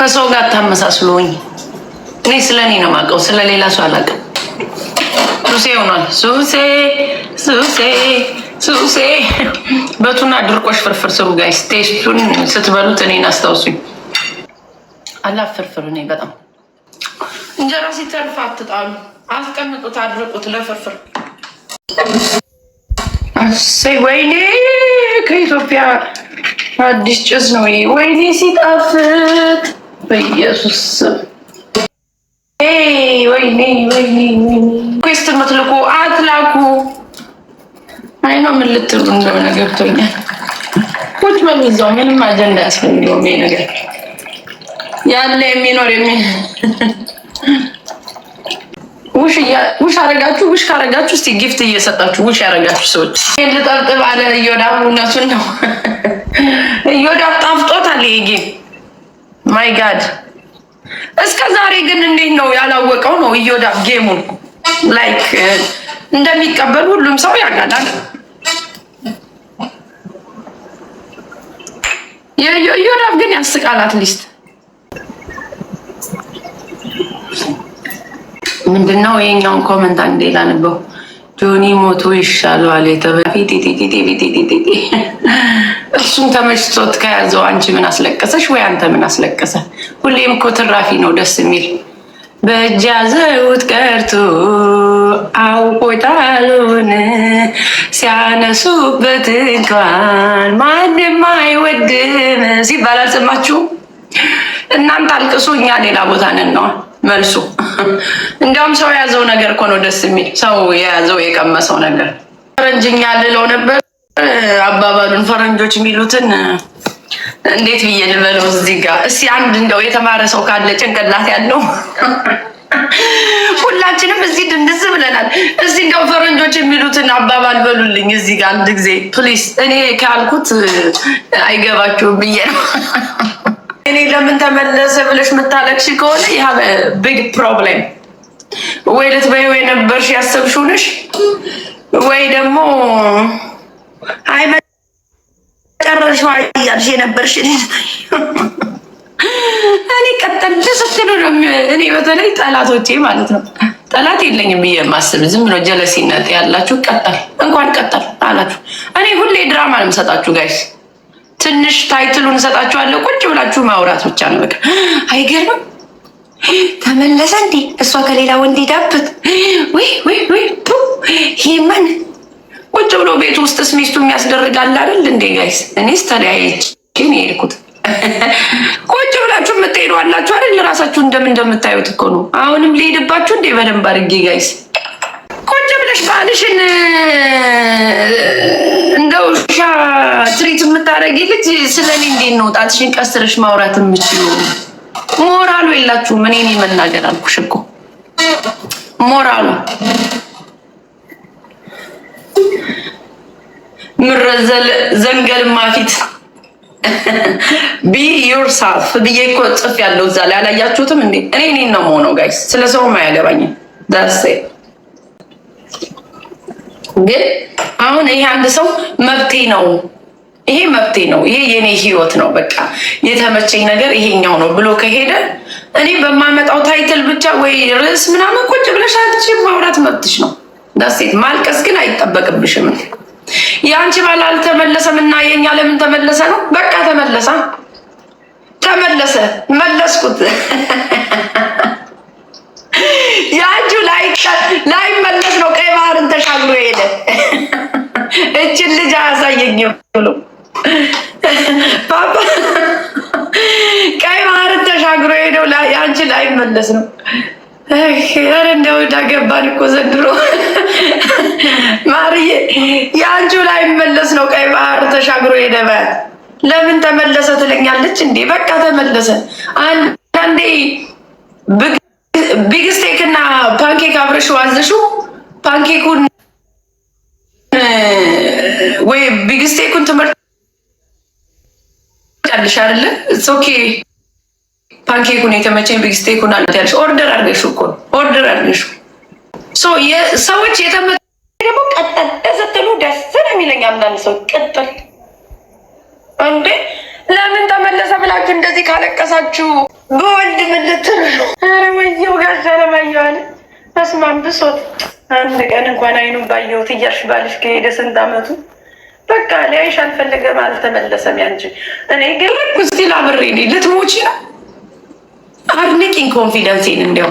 ከሰው ጋር አታመሳስሎኝ። እኔ ስለ እኔ ነው የማውቀው፣ ስለ ሌላ ሰው አላውቅም። ሱሴ ሆኗል። ሱሴ ሱሴ ሱሴ በቱና ድርቆሽ ፍርፍር ስሩ ጋይ ስቴቱን ስትበሉት እኔን አስታውሱኝ። አላ ፍርፍር እኔ በጣም እንጀራ ሲተርፍ አትጣሉ፣ አስቀምጡት፣ አድርቁት ለፍርፍር። እሰይ ወይኔ ከኢትዮጵያ አዲስ ጭስ ነው። ወይኔ ሲጣፍጥ በኢየሱስ ስም ወይኔ ወይኔ ሪኩዌስት የምትልኩ አትላኩ። አይ ነው ምን ልትሉ እንደሆነ ገብቶኛል። ቁጭ በሉ እዛው፣ ምንም አጀንዳ ያስፈልገውም ይሄ ነገር ያለ የሚኖር የሚ ውሽ አረጋችሁ። ውሽ ካረጋችሁ እስቲ ጊፍት እየሰጣችሁ ውሽ ያረጋችሁ ሰዎች ልጠብጥብ አለ እዮዳብ። እውነቱን ነው እዮዳብ ጣፍጦታል ይሄ ጌም ማይ ጋድ እስከ ዛሬ ግን እንዴት ነው ያላወቀው? ነው እዮዳ ጌሙን ላይክ uh, እንደሚቀበል ሁሉም ሰው ያውቃል። የእዮዳ ግን ያስቃል። አትሊስት ምንድነው ይሄኛውን ኮመንት አንዴ ላንበው። ጆኒ ሞቶ ይሻለዋል የተበፊት እሱን ተመችቶት ከያዘው አንቺ ምን አስለቀሰሽ? ወይ አንተ ምን አስለቀሰ? ሁሌም እኮ ትራፊ ነው ደስ የሚል በእጅ ያዘውት ቀርቶ አውቆ ሲያነሱበት እንኳን ማንም አይወድም ሲባል አልሰማችሁም? እናንተ አልቅሱ፣ እኛ ሌላ ቦታ ነን ነው መልሱ። እንዲያውም ሰው የያዘው ነገር እኮ ነው ደስ የሚል ሰው የያዘው የቀመሰው ነገር ፈረንጅኛ ልለው ነበር አባባሉን ፈረንጆች የሚሉትን እንዴት ብዬ ልበለው? እዚህ ጋር እስቲ አንድ እንደው የተማረ ሰው ካለ ጭንቅላት ያለው ሁላችንም እዚህ ድንድስ ብለናል። እዚህ እንደው ፈረንጆች የሚሉትን አባባል በሉልኝ እዚህ ጋር አንድ ጊዜ ፕሊስ። እኔ ካልኩት አይገባችሁም ብዬ ነው። እኔ ለምን ተመለሰ ብለሽ የምታለቅሽ ከሆነ ያ ቢግ ፕሮብሌም ወይ ልትበይው የነበርሽ ያሰብሽው ነሽ ወይ ደግሞ አይ እያልሽ የነበርሽ እኔ ቀጠል ስትሉ ነው። እኔ በተለይ ጠላቶቼ ማለት ነው ጠላት የለኝም ብዬ የማስብ ዝም ብሎ ጀለሲነት ያላችሁ ቀጠል እንኳን ቀጠል አላችሁ። እኔ ሁሌ ድራማ ነው የምሰጣችሁ ጋይስ ትንሽ ታይትሉን እሰጣችኋለሁ። ቁጭ ብላችሁ ማውራት ብቻ ነው በቃ። አይገርምም? ተመለሰ እንዴ እሷ ከሌላ ወንድ ዳብት ወይ ወይ ወይ ይሄ ማን ቁጭ ብሎ ቤት ውስጥስ ሚስቱ የሚያስደርጋል አይደል እንዴ? ጋይስ እኔስ ተለያየቼ የሄድኩት። ቁጭ ብላችሁ የምትሄዱ አላችሁ አይደል? ራሳችሁ እንደምን እንደምታዩት እኮ ነው። አሁንም ሊሄድባችሁ እንዴ? በደንብ አድርጌ ጋይስ ቁጭ ብለሽ ባልሽን እንደ ውሻ ትሪት የምታደርጊ ልጅ ስለኔ እንዴት ነው ጣትሽን ቀስረሽ ማውራት የምችሉ? ሞራሉ የላችሁም። እኔ እኔ መናገር አልኩሽ እኮ ሞራሉ ምረዘል ዘንገልማ ፊት ቢ ዩርሳልፍ ብዬ እኮ ጽፍ ያለው እዛ ላይ አላያችሁትም እንዴ? እኔ እኔን ነው መሆነው ጋይስ። ስለ ሰውም አያገባኝም። ዳሴ ግን አሁን ይሄ አንድ ሰው መብቴ ነው ይሄ መብቴ ነው፣ ይሄ የኔ ህይወት ነው፣ በቃ የተመቸኝ ነገር ይሄኛው ነው ብሎ ከሄደ እኔ በማመጣው ታይትል ብቻ ወይ ርዕስ ምናምን ቁጭ ብለሽ ማውራት መብትሽ ነው። ዳሴት ማልቀስ ግን አይጠበቅብሽም። የአንቺ ባል አልተመለሰም እና የኛ ለምን ተመለሰ ነው። በቃ ተመለሰ ተመለሰ መለስኩት። የአንቺ ላይመለስ ነው ቀይ ባህርን ተሻግሮ ሄደ። እችን ልጅ አያሳየኝ ብሎ ፓፓ ቀይ ባህርን ተሻግሮ ሄደው የአንቺ ላይመለስ ነው። ኧረ እንደው ዳገባን እኮ ዘንድሮ ማርዬ የአንቺ ላይ መለስ ነው። ቀይ ባህር ተሻግሮ የነበረ ለምን ተመለሰ ትለኛለች እንዴ? በቃ ተመለሰ። አንዳንዴ ቢግስቴክ እና ፓንኬክ አብረሽ ዋዘሹ ፓንኬኩን ወይ ቢግስቴኩን ትምህርት ያልሽ አይደለ? ኦኬ ፓንኬኩን የተመቸኝ ቢግስቴኩን አለት ያልሽ ኦርደር አድርገሽ እኮ ኦርደር አድርገሽ ሰዎች የተመ ደግሞ ቀጠል ስትሉ ደስ ነው የሚለኝ አንዳንድ ሰው ቅጥል እንዴ ለምን ተመለሰ ብላችሁ እንደዚህ ካለቀሳችሁ በወልድ ምልትር ነው። ኧረ ወየው ጋዛ ለማየዋል መስማም ብሶት አንድ ቀን እንኳን አይኑን ባየሁት እያልሽ ባልሽ ከሄደ ስንት አመቱ በቃ ሊያይሽ አልፈለገም፣ አልተመለሰም። ያንቺ እኔ ግን እስቲ ላብሬ ልትሞች ነው። አድንቂኝ ኮንፊደንሴን እንዲያው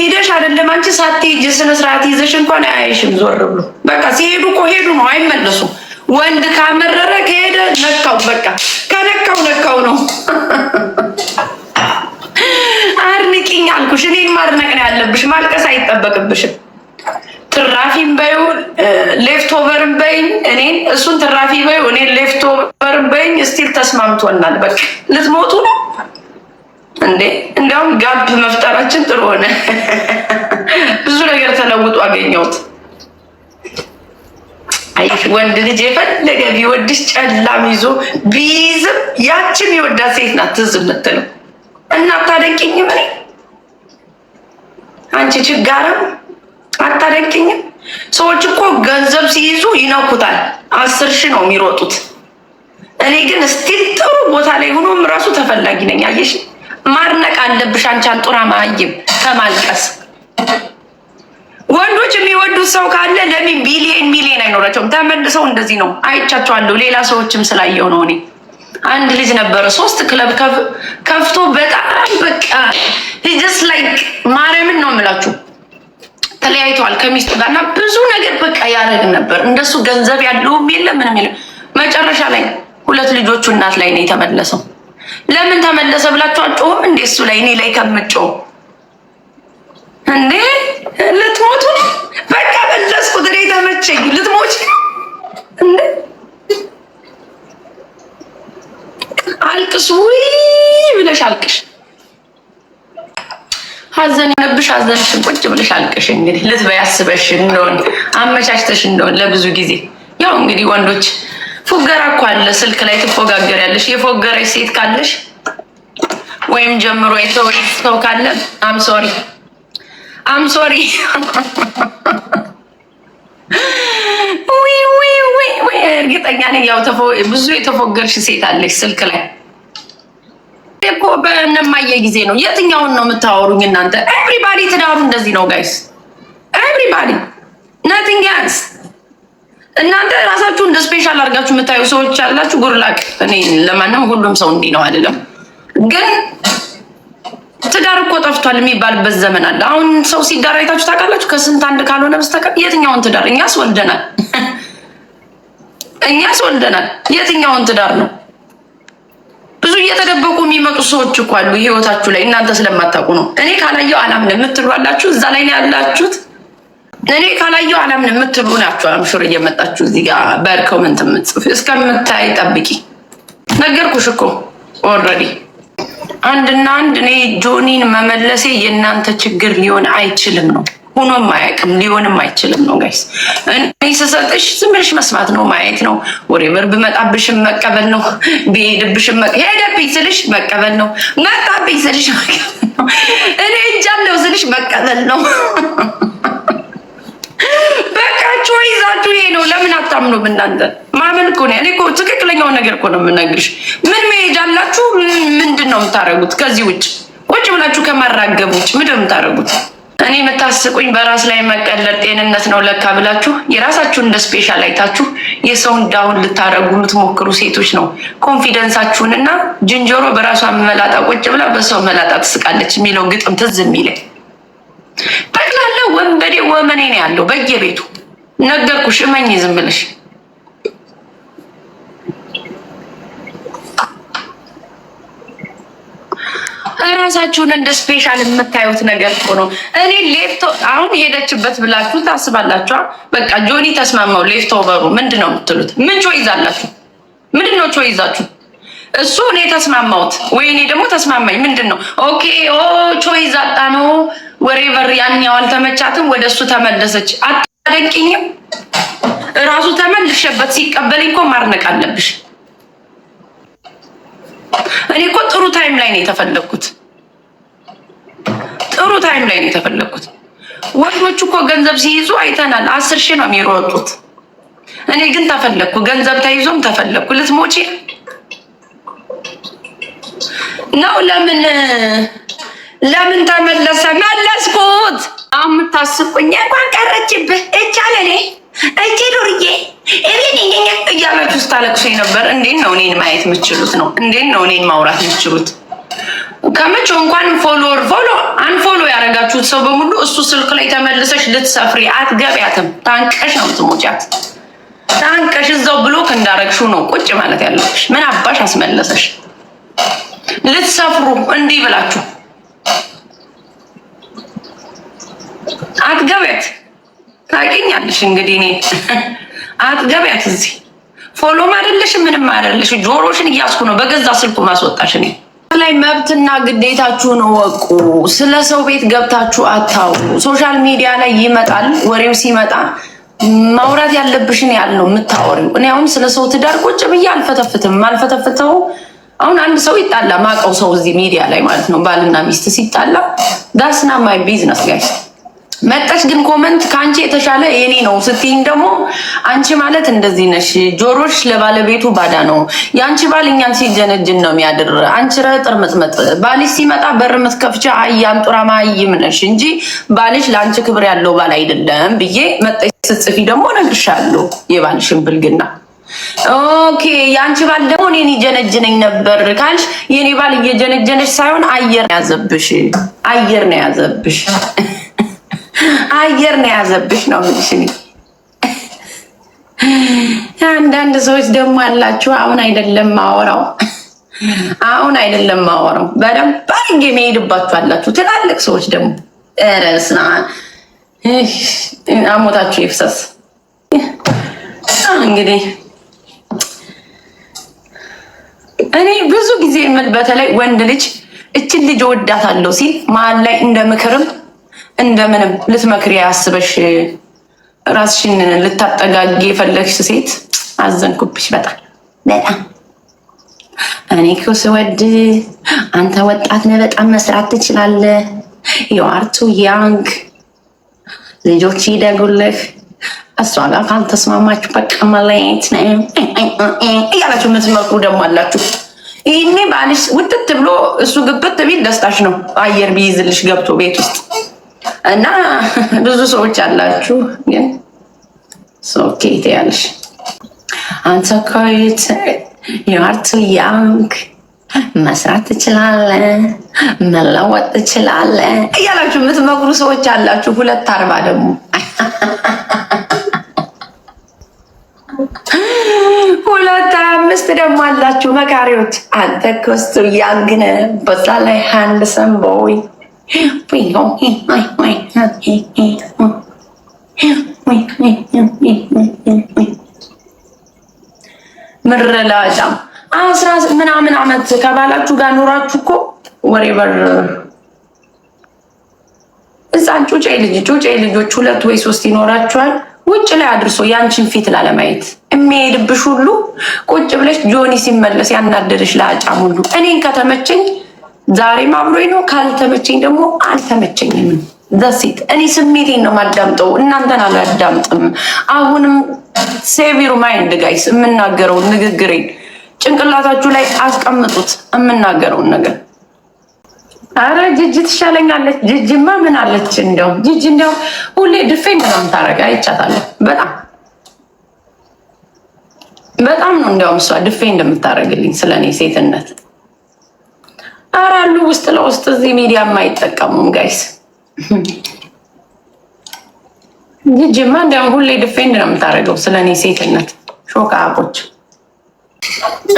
ሄደሽ አይደለም አንቺ ሳትሄጂ ስነ ስርዓት ይዘሽ እንኳን አያይሽም። ዞር ብሎ በቃ ሲሄዱ እኮ ሄዱ ነው፣ አይመለሱም። ወንድ ካመረረ ከሄደ ነካው፣ በቃ ከነካው ነካው ነው። አድንቂኝ አልኩሽ። እኔን ማድነቅ ነው ያለብሽ፣ ማልቀስ አይጠበቅብሽም። ትራፊም በይው ሌፍት ኦቨርን በይኝ እኔን እሱን ትራፊ በይው እኔን ሌፍት ኦቨርን በይኝ። ስቲል ተስማምቶናል። በቃ ልትሞቱ ነው። እንዴ እንዲያውም ጋብ መፍጠራችን ጥሩ ሆነ። ብዙ ነገር ተለውጦ አገኘሁት። አይ ወንድ ልጅ የፈለገ ቢወድሽ ጨላም ይዞ ቢይዝም ያችን የወዳ ሴት ናት ትዝ የምትለው እና አታደንቂኝም። እኔ አንቺ ችጋራም አታደንቅኝም ሰዎች እኮ ገንዘብ ሲይዙ ይነኩታል። አስር ሺህ ነው የሚሮጡት። እኔ ግን ስቲል ጥሩ ቦታ ላይ ሆኖም ራሱ ተፈላጊ ነኝ። አየሽ ማድነቅ አለብሽ አንቺ ጡራ ማይም ከማልቀስ ወንዶች የሚወዱት ሰው ካለ ለምን ቢሊየን ሚሊየን አይኖራቸውም? ተመልሰው እንደዚህ ነው። አይቻቸዋለሁ። ሌላ ሰዎችም ስላየው ነው። እኔ አንድ ልጅ ነበረ ሶስት ክለብ ከፍቶ በጣም በቃ ጀስት ላይክ ማርያምን ነው የምላችሁ ተለያይተዋል ከሚስቱ ጋር እና ብዙ ነገር በቃ ያደረግ ነበር። እንደሱ ገንዘብ ያለውም የለ ምንም የለ። መጨረሻ ላይ ሁለት ልጆቹ እናት ላይ ነው የተመለሰው። ለምን ተመለሰ ብላችሁ አጮሁም እንዴ? እሱ ላይ እኔ ላይ ከምጮው እንዴ ልትሞቱ በቃ መለስኩት። እኔ ተመቸኝ። ልትሞች እንዴ አልቅስ ውይ ብለሽ አልቅሽ። ሀዘን ነብሽ ሀዘንሽን ቁጭ ብለሽ አልቅሽ። እንግዲህ ልትበይ አስበሽ እንደሆን አመቻችተሽ እንደሆን ለብዙ ጊዜ ያው እንግዲህ ወንዶች ፎገራ እኮ አለ። ስልክ ላይ ትፎጋገር ያለሽ የፎገረች ሴት ካለሽ ወይም ጀምሮ የተወ ሰው ካለ አም ሶሪ አም ሶሪ እርግጠኛ ነኝ ያው ብዙ የተፎገርሽ ሴት አለሽ ስልክ ላይ እኮ በነማየ ጊዜ ነው። የትኛውን ነው የምታወሩኝ እናንተ? ኤቭሪባዲ ትዳሩ እንደዚህ ነው ጋይስ፣ ኤቭሪባዲ ነቲንግ ያንስ እናንተ ራሳችሁ እንደ ስፔሻል አድርጋችሁ የምታዩ ሰዎች ያላችሁ ጉርላቅ። እኔ ለማንም ሁሉም ሰው እንዲህ ነው አይደለም፣ ግን ትዳር እኮ ጠፍቷል የሚባልበት ዘመን አለ። አሁን ሰው ሲዳር አይታችሁ ታውቃላችሁ? ከስንት አንድ ካልሆነ በስተቀር የትኛውን ትዳር እኛስ ወልደናል፣ እኛስ ወልደናል። የትኛውን ትዳር ነው? ብዙ እየተደበቁ የሚመጡ ሰዎች እኮ አሉ ህይወታችሁ ላይ እናንተ ስለማታውቁ ነው። እኔ ካላየው አላምን የምትሏላችሁ እዛ ላይ ያላችሁት። እኔ ካላየው አላምን የምትሉ ናቸው። አምሹር እየመጣችሁ እዚህ ጋ በድ ኮመንት የምትጽፍ እስከምታይ ጠብቂ። ነገርኩሽ እኮ ኦልሬዲ አንድና አንድ። እኔ ጆኒን መመለሴ የእናንተ ችግር ሊሆን አይችልም ነው ሆኖም አያውቅም ሊሆንም አይችልም ነው ጋይስ። እኔ ስሰጥሽ ዝም ብለሽ መስማት ነው ማየት ነው። ወሬቨር ብመጣብሽም መቀበል ነው። ቢሄድብሽም ሄደብኝ ስልሽ መቀበል ነው። መጣብኝ ስልሽ መቀበል ነው። እኔ እጃለሁ ስልሽ መቀበል ነው። በቃችሁ ይዛችሁ ይሄ ነው። ለምን አታምኑ? እናንተ? ማመን እኮ ነው። እኔ እኮ ትክክለኛውን ነገር እኮ ነው የምነግርሽ። ምን መሄጃ አላችሁ? ምንድን ነው የምታደርጉት? ከዚህ ውጭ ቁጭ ብላችሁ ከማራገብ ውጭ ምንድን ነው የምታደርጉት? እኔ የምታስቁኝ በራስ ላይ መቀለድ ጤንነት ነው ለካ ብላችሁ የራሳችሁን እንደ ስፔሻል አይታችሁ የሰውን ዳውን ልታደረጉ የምትሞክሩ ሴቶች ነው። እና ዝንጀሮ በራሷ መላጣ ቁጭ ብላ በሰው መላጣ ትስቃለች የሚለው ግጥም ትዝ የሚለኝ ጠቅላላ ወንበዴ ወመኔ ነው ያለው በየቤቱ ነገርኩሽ። እመኝ ዝም ብለሽ እራሳችሁን እንደ ስፔሻል የምታዩት ነገር እኮ ነው። እኔ ሌፍቶ አሁን ሄደችበት ብላችሁ ታስባላችኋ። በቃ ጆኒ ተስማማው ሌፍቶ በሩ ምንድን ነው የምትሉት? ምን ቾይ ይዛላችሁ? ምንድን ነው ቾይ ይዛችሁ? እሱ እኔ ተስማማውት ወይ እኔ ደግሞ ተስማማኝ። ምንድን ነው ኦኬ ኦ ቾይ ይዛጣ ነው ወሬ በር ያን ያው አልተመቻትም፣ ወደ እሱ ተመለሰች። አታደንቂኝም? እራሱ ተመልሸበት ሲቀበለኝ እኮ ማድነቅ አለብሽ። እኔ እኮ ጥሩ ታይም ላይ ነው የተፈለግኩት፣ ጥሩ ታይም ላይ ነው የተፈለግኩት። ወንዶች እኮ ገንዘብ ሲይዙ አይተናል፣ አስር ሺህ ነው የሚሮጡት። እኔ ግን ተፈለግኩ፣ ገንዘብ ተይዞም ተፈለግኩ። ልትሞቼ ነው ለምን ለምን ተመለሰ? መለስኩት። አሁን የምታስቁኝ እንኳን ቀረችብህ። እቻለኔ እቺ ዱርዬ ኛ ውስጥ አለቅሶኝ ነበር። እንዴት ነው እኔን ማየት የምችሉት ነው? እንዴት ነው እኔን ማውራት የምችሉት? ከመቼው እንኳን ፎሎወር ፎሎ አንፎሎ ያደረጋችሁት ሰው በሙሉ እሱ ስልክ ላይ ተመልሰሽ ልትሰፍሪ አትገቢያትም። ታንቀሽ ነው ትሞጫት። ታንቀሽ እዛው ብሎክ እንዳረግሹ ነው ቁጭ ማለት ያለብሽ። ምን አባሽ አስመለሰሽ? ልትሰፍሩ እንዲህ ብላችሁ አትገቢያት። ታውቂኛለሽ እንግዲህ እኔ አትገቢያት። እዚህ ፎሎም አይደለሽ ምንም አይደለሽ። ጆሮሽን እያስኩ ነው በገዛ ስልኩ ማስወጣሽ። እኔ ላይ መብትና ግዴታችሁን እወቁ። ስለ ሰው ቤት ገብታችሁ አታው ሶሻል ሚዲያ ላይ ይመጣል ወሬው ሲመጣ ማውራት ያለብሽን ያህል ነው የምታወሪው። እኔ አሁን ስለ ሰው ትዳር ቁጭ ብዬ አልፈተፍትም። አልፈተፍተው አሁን አንድ ሰው ይጣላ ማቀው ሰው እዚህ ሚዲያ ላይ ማለት ነው ባልና ሚስት ሲጣላ ዳስና ማይ ቢዝነስ ጋይስ መጠች ግን ኮመንት ከአንቺ የተሻለ የኔ ነው ስትይኝ ደግሞ አንቺ ማለት እንደዚህ ነሽ፣ ጆሮሽ ለባለቤቱ ባዳ ነው። የአንቺ ባል እኛን ሲጀነጅን ነው የሚያድር። አንቺ ረጥር ምጥመጥ ባልሽ ሲመጣ በር ምትከፍቻ አያንጡራ ማይም ነሽ እንጂ ባልሽ ለአንቺ ክብር ያለው ባል አይደለም ብዬ መጠች ስትጽፊ ደግሞ ነግሻለሁ የባልሽን ብልግና። ኦኬ የአንቺ ባል ደግሞ እኔን ይጀነጅነኝ ነበር ካልሽ የኔ ባል እየጀነጀነሽ ሳይሆን አየር ነው ያዘብሽ፣ አየር ነው ያዘብሽ። አየር ነው የያዘብሽ ነው የምልሽ። አንዳንድ ሰዎች ደግሞ አላችሁ። አሁን አይደለም ማወራው፣ አሁን አይደለም ማወራው፣ በደንብ አድርጌ መሄድባችሁ አላችሁ። ትላልቅ ሰዎች ደግሞ ረስና አሞታችሁ ይፍሰስ። እንግዲህ እኔ ብዙ ጊዜ በተለይ ወንድ ልጅ እችን ልጅ እወዳታለሁ ሲል መሀል ላይ እንደ ምክርም እንደምንም ልትመክሪ አስበሽ ራስሽን ልታጠጋጊ የፈለግሽ ሴት አዘንኩብሽ። በጣም በጣም እኔ እኮ ስወድ አንተ ወጣት ነህ፣ በጣም መስራት ትችላለህ። የዋርቱ ያንግ ልጆች ይደጉልህ። እሷ ጋር ካልተስማማችሁ በቃ መለየት ነ እያላችሁ የምትመክሩ ደግሞ አላችሁ። ይህኔ ባልሽ ውጥት ብሎ እሱ ግብት ቢል ደስታሽ ነው። አየር ቢይዝልሽ ገብቶ ቤት ውስጥ እና ብዙ ሰዎች አላችሁ ግን ኦኬ ትያለሽ። አንተ ኮይት ዩአርቱ ያንክ መስራት ትችላለ፣ መለወጥ ትችላለ እያላችሁ የምትመክሩ ሰዎች አላችሁ። ሁለት አርባ ደግሞ ሁለት አምስት ደግሞ አላችሁ መካሪዎች። አንተ ኮስቱ ያንግነ በዛ ላይ ሃንድሰም ቦይ ምረላጃ አስራ ምናምን አመት ከባላችሁ ጋር ኖራችሁ እኮ ወሬበር እዛን ጩጬ ልጅ ጩጬ ልጆች ሁለት ወይ ሶስት ይኖራችኋል። ውጭ ላይ አድርሶ ያንቺን ፊት ላለማየት የሚሄድብሽ ሁሉ ቁጭ ብለሽ ጆኒ ሲመለስ ያናደደሽ ለአጫም ሁሉ እኔን ከተመቸኝ ዛሬም አብሮኝ ነው። ካልተመቸኝ ደግሞ አልተመቸኝም። ዘሴት እኔ ስሜቴን ነው የማዳምጠው፣ እናንተን አላዳምጥም። አሁንም ሴቪሩ ማይንድ ጋይስ የምናገረውን ንግግሬን ጭንቅላታችሁ ላይ አስቀምጡት። የምናገረውን ነገር አረ ጅጅ ትሻለኛለች። ጅጅማ ምን አለች? እንደው ጅጅ እንደው ሁሌ ድፌ እንደም ታረገ አይቻታለሁ። በጣም በጣም ነው እንዲያውም እሷ ድፌ እንደምታደርግልኝ ስለእኔ ሴትነት አራሉ ውስጥ ለውስጥ እዚህ ሚዲያም አይጠቀሙም ጋይስ። ጅማ እንዲያውም ሁሌ ዲፌንድ ነው የምታደርገው ስለ እኔ ሴትነት ሾካ አቆች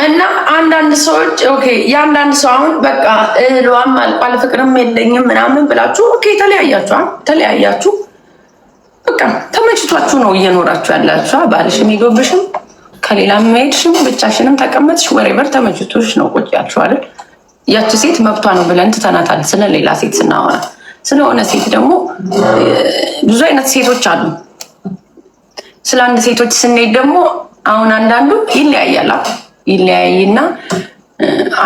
እና አንዳንድ ሰዎች ኦኬ፣ የአንዳንድ ሰው አሁን በቃ እህሏም አልቋል ፍቅርም የለኝም ምናምን ብላችሁ ኦኬ፣ ተለያያችሁ ተለያያችሁ፣ በቃ ተመችቷችሁ ነው እየኖራችሁ ያላችሁ። ባልሽም ይጎብሽም ከሌላም መሄድሽም ብቻሽንም ተቀመጥሽ ወሬበር ተመችቶሽ ነው ቁጭ ያልሽው አይደል? ያቺ ሴት መብቷ ነው ብለን ትተናታል፣ ስለ ሌላ ሴት ስናወራ። ስለሆነ ሴት ደግሞ ብዙ አይነት ሴቶች አሉ። ስለ አንድ ሴቶች ስንሄድ ደግሞ አሁን አንዳንዱ ይለያያል። ይለያይና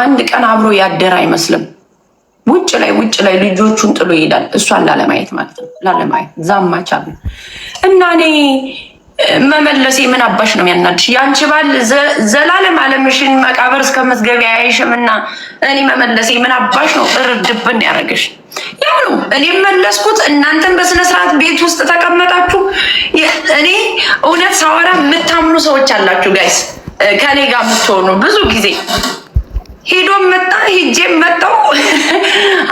አንድ ቀን አብሮ ያደረ አይመስልም። ውጭ ላይ ውጭ ላይ ልጆቹን ጥሎ ይሄዳል፣ እሷን ላለማየት ማለት ነው። ላለማየት ዛማቻ እና እኔ መመለሴ ምን አባሽ ነው ያናድሽ? ያንቺ ባል ዘላለም አለምሽን መቃብር እስከምትገቢ አይሽም እና እኔ መመለሴ ምን አባሽ ነው እርድብን ያደረግሽ? ያው ነው እኔ መለስኩት። እናንተን በስነስርዓት ቤት ውስጥ ተቀመጣችሁ። እኔ እውነት ሳወራ የምታምኑ ሰዎች አላችሁ ጋይስ፣ ከኔ ጋር የምትሆኑ ብዙ ጊዜ ሄዶም መጣ ሄጄም መጣው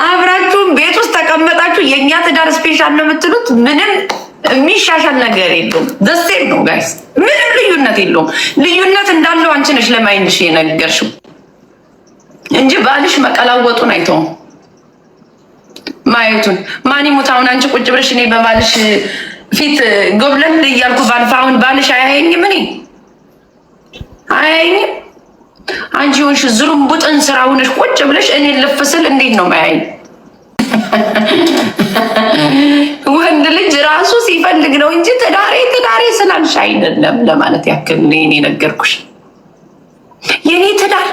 አብራችሁ ቤት ውስጥ ተቀመጣችሁ። የእኛ ትዳር ስፔሻል ነው የምትሉት ምንም የሚሻሻል ነገር የለውም። ደስቴ ነው ጋይስ፣ ምንም ልዩነት የለውም። ልዩነት እንዳለው አንቺ ነሽ ለማይንሽ የነገርሽው እንጂ ባልሽ መቀላወጡን አይተውም ማየቱን ማን ይሙት። አሁን አንቺ ቁጭ ብለሽ እኔ በባልሽ ፊት ጎብለን እያልኩ ባልፋ አሁን ባልሽ አያየኝም፣ እኔ አያየኝም። አንቺ ሆንሽ ዝሩም ቡጥን ስራ ሆነሽ ቁጭ ብለሽ እኔ ልፍስል እንዴት ነው ማያየኝ? ወንድ ልጅ ራሱ ሲፈልግ ነው እንጂ ትዳሬ ትዳሬ ስላልሽ አይደለም ለማለት ያክል እኔ ነገርኩሽ። የኔ ትዳር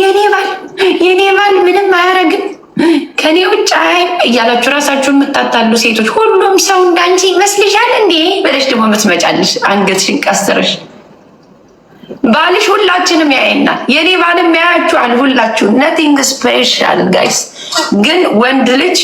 የኔ ባል የኔ ባል ምንም አያረግም ከኔ ውጭ አይ እያላችሁ ራሳችሁ የምታታሉ ሴቶች፣ ሁሉም ሰው እንዳንቺ ይመስልሻል እንዴ ብለሽ ደግሞ ምትመጫለሽ አንገትሽን ቀስረሽ ባልሽ ሁላችንም ያየናል። የኔ ባልም ያያችኋል። ሁላችሁ ነቲንግ ስፔሻል ጋይስ። ግን ወንድ ልጅ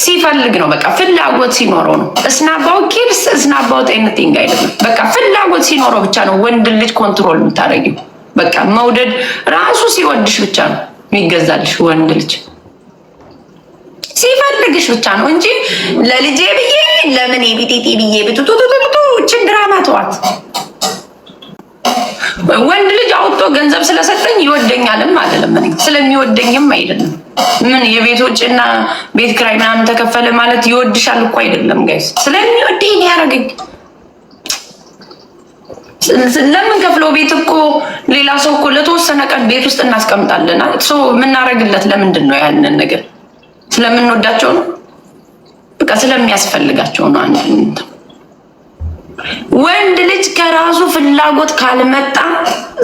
ሲፈልግ ነው። በቃ ፍላጎት ሲኖረው ነው። እስናባው ኪድስ እስናባው ጤንቲንግ አይደለም። በቃ ፍላጎት ሲኖረው ብቻ ነው ወንድ ልጅ ኮንትሮል የምታደርጊው። በቃ መውደድ ራሱ ሲወድሽ ብቻ ነው የሚገዛልሽ ወንድ ልጅ ሲፈልግሽ ብቻ ነው እንጂ ለልጄ ብዬ ለምን የቢጤጤ ብዬ ብትቱቱቱቱ ችን ድራማ ተዋት። ወንድ ልጅ አውጥቶ ገንዘብ ስለሰጠኝ ይወደኛልም አይደለም። ስለሚወደኝም አይደለም። ምን የቤት ወጪና ቤት ክራይ ምናምን ተከፈለ ማለት ይወድሻል እኮ አይደለም ጋይስ። ስለሚወደኝ ያደረገኝ ለምን ከፍለው ቤት እኮ ሌላ ሰው እኮ ለተወሰነ ቀን ቤት ውስጥ እናስቀምጣለን። ሶ የምናደርግለት ለምንድን ነው? ያንን ነገር ስለምንወዳቸው ነው። በቃ ስለሚያስፈልጋቸው ነው። አንድ ወንድ ልጅ ከራሱ ፍላጎት ካልመጣ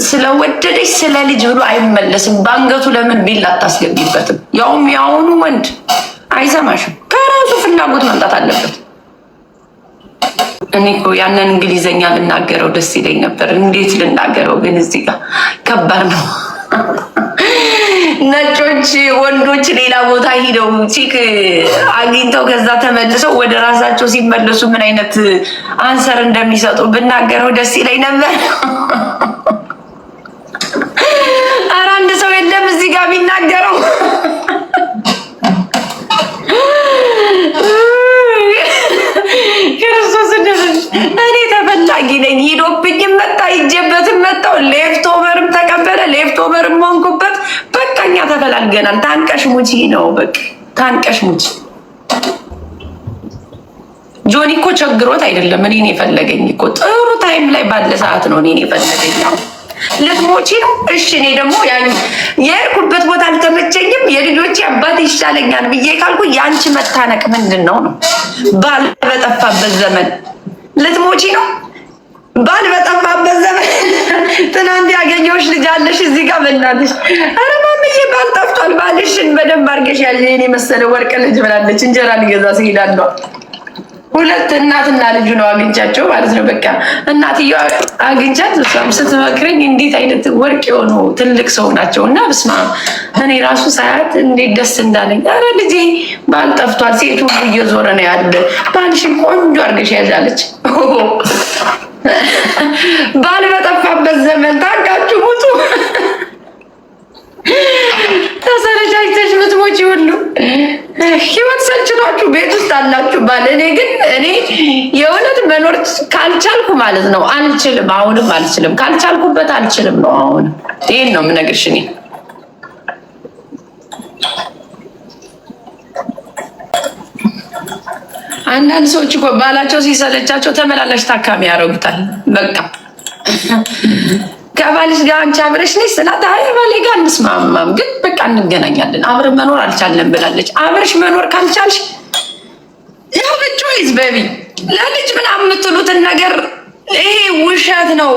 ስለወደደች ስለ ልጅ ብሎ አይመለስም። በአንገቱ ለምን ቢል አታስገቢበትም? ያውም ያውኑ ወንድ አይሰማሽም። ከራሱ ፍላጎት መምጣት አለበት። እኔ እኮ ያንን እንግሊዘኛ ልናገረው ደስ ይለኝ ነበር። እንዴት ልናገረው ግን እዚህ ጋር ከባድ ነው። ነጮች ወንዶች ሌላ ቦታ ሂደው ቺክ አግኝተው ከዛ ተመልሰው ወደ ራሳቸው ሲመለሱ ምን አይነት አንሰር እንደሚሰጡ ብናገረው ደስ ይለኝ ነበር። አረ አንድ ሰው የለም እዚህ ጋር ቢናገረው ክርስቶስ እኔ ተፈላ ሆኖብኝም መጣ ይጀበትም መጣው ሌፍት ኦቨርም ተቀበለ ሌፍት ኦቨርም ሆንኩበት። በቃ እኛ ተፈላልገናል። ታንቀሽ ሙቺ ነው በቃ ታንቀሽ ሙቺ። ጆኒ እኮ ቸግሮት አይደለም እኔን የፈለገኝ እኮ ጥሩ ታይም ላይ ባለ ሰዓት ነው እኔን የፈለገኝ ልትሞቺ ነው። እሺ እኔ ደግሞ የሄድኩበት ቦታ አልተመቸኝም፣ የልጆቼ አባት ይሻለኛል ብዬ ካልኩ የአንቺ መታነቅ ምንድን ነው ነው ባልበጠፋበት ዘመን ልትሞቺ ነው። ባል በጠፋበት ዘመን ትናንት ያገኘሁሽ ልጅ አለሽ እዚህ ጋር በእናትሽ። ኧረ ማምዬ ባል ጠፍቷል፣ ባልሽን በደንብ አድርገሽ ያለ የኔ መሰለ ወርቅ ልጅ ብላለች። እንጀራ ልገዛ ሲሄዳለሁ ሁለት እናትና ልጁ ነው አግኝቻቸው ማለት ነው። በቃ እናትየዋ አግኝቻት እሷም ስትመክረኝ እንዴት አይነት ወርቅ የሆኑ ትልቅ ሰው ናቸው እና ብስማ እኔ ራሱ ሳያት እንዴት ደስ እንዳለኝ። አረ ልጄ ባል ጠፍቷል፣ ሴቱ እየዞረ ነው ያለ፣ ባልሽን ቆንጆ አድርገሽ ያዛለች። ባል በጠፋበት ዘመን ታንቃችሁ ሙቱ። ተሰረቻጅተሽ ምትሞች ይሁሉ ህይወት ሰልችቷችሁ ቤት ውስጥ አላችሁ ባል። እኔ ግን እኔ የእውነት መኖር ካልቻልኩ ማለት ነው አልችልም፣ አሁንም አልችልም፣ ካልቻልኩበት አልችልም ነው። አሁንም ይህን ነው የምነግርሽ እኔ አንዳንድ ሰዎች እኮ ባላቸው ሲሰለቻቸው ተመላላሽ ታካሚ ያደርጉታል። በቃ ከባልሽ ጋር አንቺ አብረሽ ነሽ ስላት አይ ባሌ ጋር እንስማማም፣ ግን በቃ እንገናኛለን። አብረን መኖር አልቻለን ብላለች። አብረሽ መኖር ካልቻልሽ ያው በጮይዝ በቢ ለልጅ ምናምን የምትሉትን ነገር ይሄ ውሸት ነው።